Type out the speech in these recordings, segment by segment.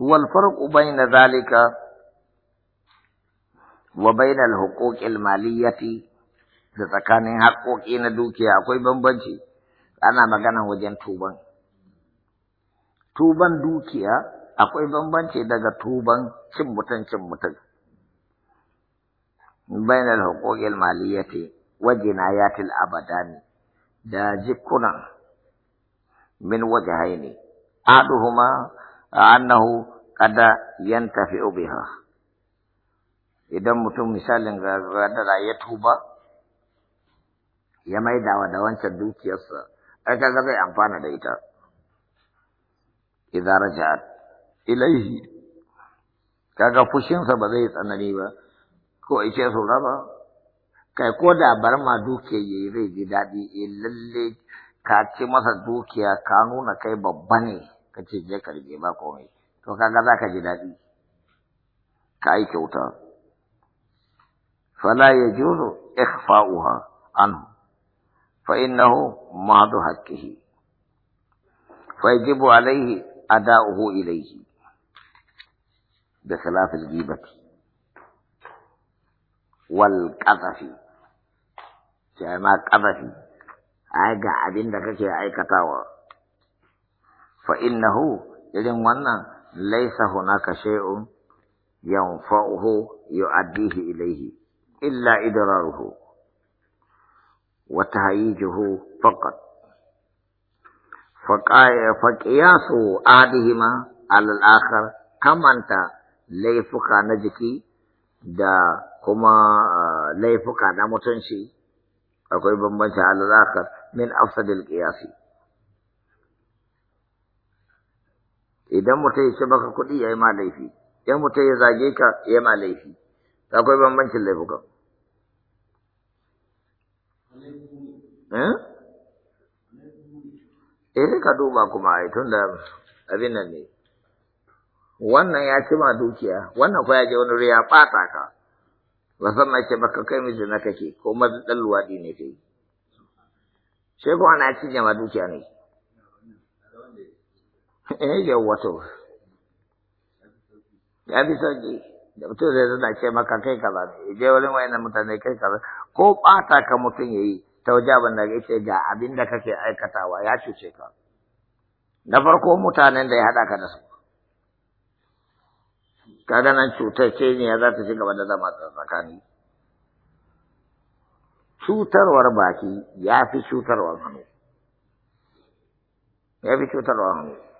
والفرق بين ذلك وبين الحقوق المالية da tsakanin haƙoƙi na dukiya akwai bambanci ana magana wajen tuban tuban dukiya akwai bambanci daga tuban cin mutan cin mutum bainal huquqil maliyati wa jinayatil abadani da jikuna min wajhaini aduhuma annahu kada yantafi biha idan mutum misalin gadara ya tuba ya mai da wancan dukiyarsa ai kaga zai amfana da ita idan raja'at ilaihi kaga fushinsa ba zai tsanani ba ko ice su raba kai ko da bar ma dukiya yayi zai ji daɗi eh, lalle ka ci masa dukiya ka nuna kai babba ne kace je ka rige ba komai to kaga zaka ji dadi ka yi kyauta fala ya ikhfa'uha an fa innahu madu haqqihi fa yajibu alayhi ada'uhu ilayhi bi khilaf al-ghibati wal qadhafi sai ma qadhafi ai kake aikatawa فإنه إذن ونا ليس هناك شيء ينفعه يؤديه إليه إلا إدراره وتهيجه فقط فقياس آدهما على الآخر كما أنت ليفك نجكي دا كما ليفك نمتنشي أقول بمبنش على الآخر من أفضل القياسي idan mutum ya ce baka kuɗi ya yi ma laifi idan mutum ya zage ka ya ma laifi akwai bambancin laifuka eh? eh ka duba kuma ai tun da abin nan ne wannan ya ci ma dukiya wannan ko ya je wani riya ɓata ka ba san ma ce baka kai miji na kake ko mazi ɗan luwaɗi ne kai sai ko ci cinye ma dukiya ne eh yawwato ya bi sauki da mutum zai zana ce maka kai kaza ne je wani wayannan mutane kai kaza ko bata ka mutum ya yi ta waje abin da ce ga abin da kake aikatawa ya cuce ka na farko mutanen da ya haɗa ka da su kaga nan cutar ce ne ya za ta ci gaba da zama tsakani cutarwar baki ya fi cutarwar hannu ya fi cutarwar hannu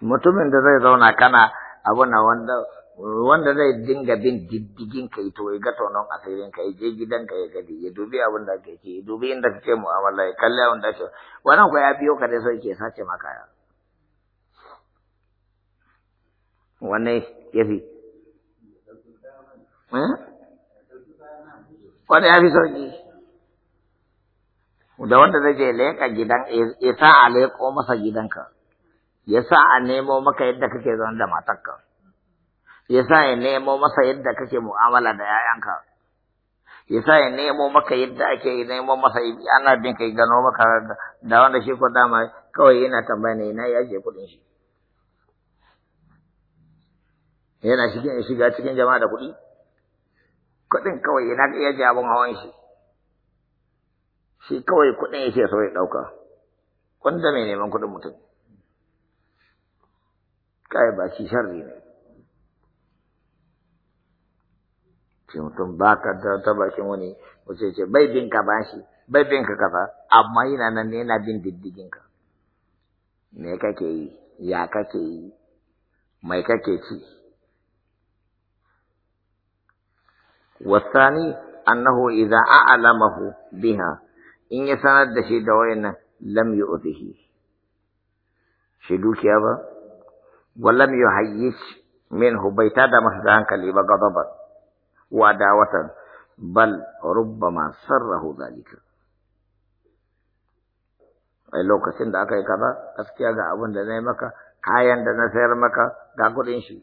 mutumin da zai zauna kana na wanda wanda zai dinga bin diddigin ka to ya ga tonon asirin ka ya je gidan ka ya gadi ya dubi abin da kake ya dubi inda kake mu'amala ya kalli abin da kake wannan ko ya biyo ka dai sai ke sace maka ya wani ya fi eh? wani ya fi sauki da wanda zai je leƙa gidan ya sa a leƙo masa gidanka ya sa a nemo maka yadda kake zaune da matarka ya sa ya nemo masa yadda kake mu'amala da 'ya'yanka ya sa ya nemo maka yadda ake nemo masa ana bin kai gano maka da wanda shi ko dama kawai yana tambaya ne na ya je kuɗin shi yana shiga cikin jama'a da kuɗi kuɗin kawai yana iya ji abin hawan shi shi kawai kuɗin yake so ya ɗauka wanda mai neman kuɗin mutum kai ba shi sharri ne ce mutum ba ka ta bakin wani wace ce bai bin ka bashi bai bin ka kafa amma yana nan ne yana bin diddigin ka me kake yi ya kake yi mai kake ci wasani annahu idza a'lamahu biha in ya sanar da shi da wayannan lam yu'tihi shi dukiya ba ولم يهيج منه بيت آدم ذاك اللي غضبا وعداوة بل ربما سره ذلك أي لو كسند أكاي كذا أسكيا غا أبن دنيا مكا كايان دنيا سير مكا غا كورين شي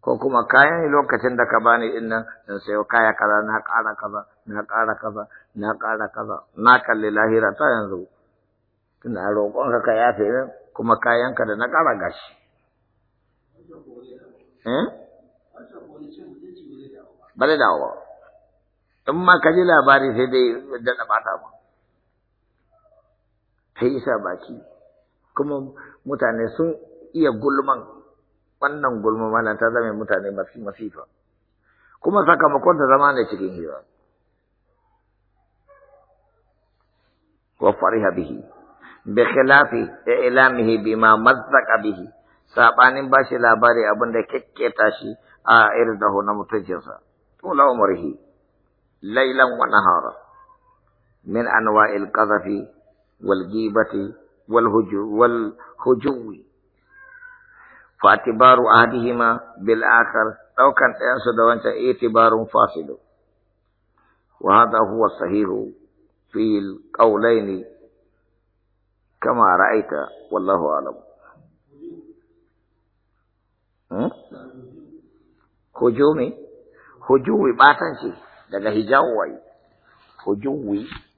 كوكوما كايان لو كسند كباني إن نسيو كايا كذا نهك على كذا نهك على كذا نهك على كذا ناكل لله رتا ينزو كنا لو كونك كايا سيرم kuma kayanka da na ƙara gashi. Eh? Bari da dawo. In ma ka ji labari sai dai da na bata ba. Ta yi sa baki, kuma mutane sun iya gulman wannan gulman malam ta zama mutane masifa. Kuma sakamakon ta zama ne cikin hira. Wa fariha bihi. بخلاف إعلامه بما مزق به سابان باشي لا باري أبن ده كيتاشي آئرده نمتجزا طول عمره ليلا ونهارا من أنواع القذف والجيبة والهجو فاعتبار أهدهما بالآخر لو كان أسد وانت اعتبار فاصل وهذا هو الصحيح في القولين كما رأيت والله أعلم هجومي هجومي باتنشي لذا هجوي هجومي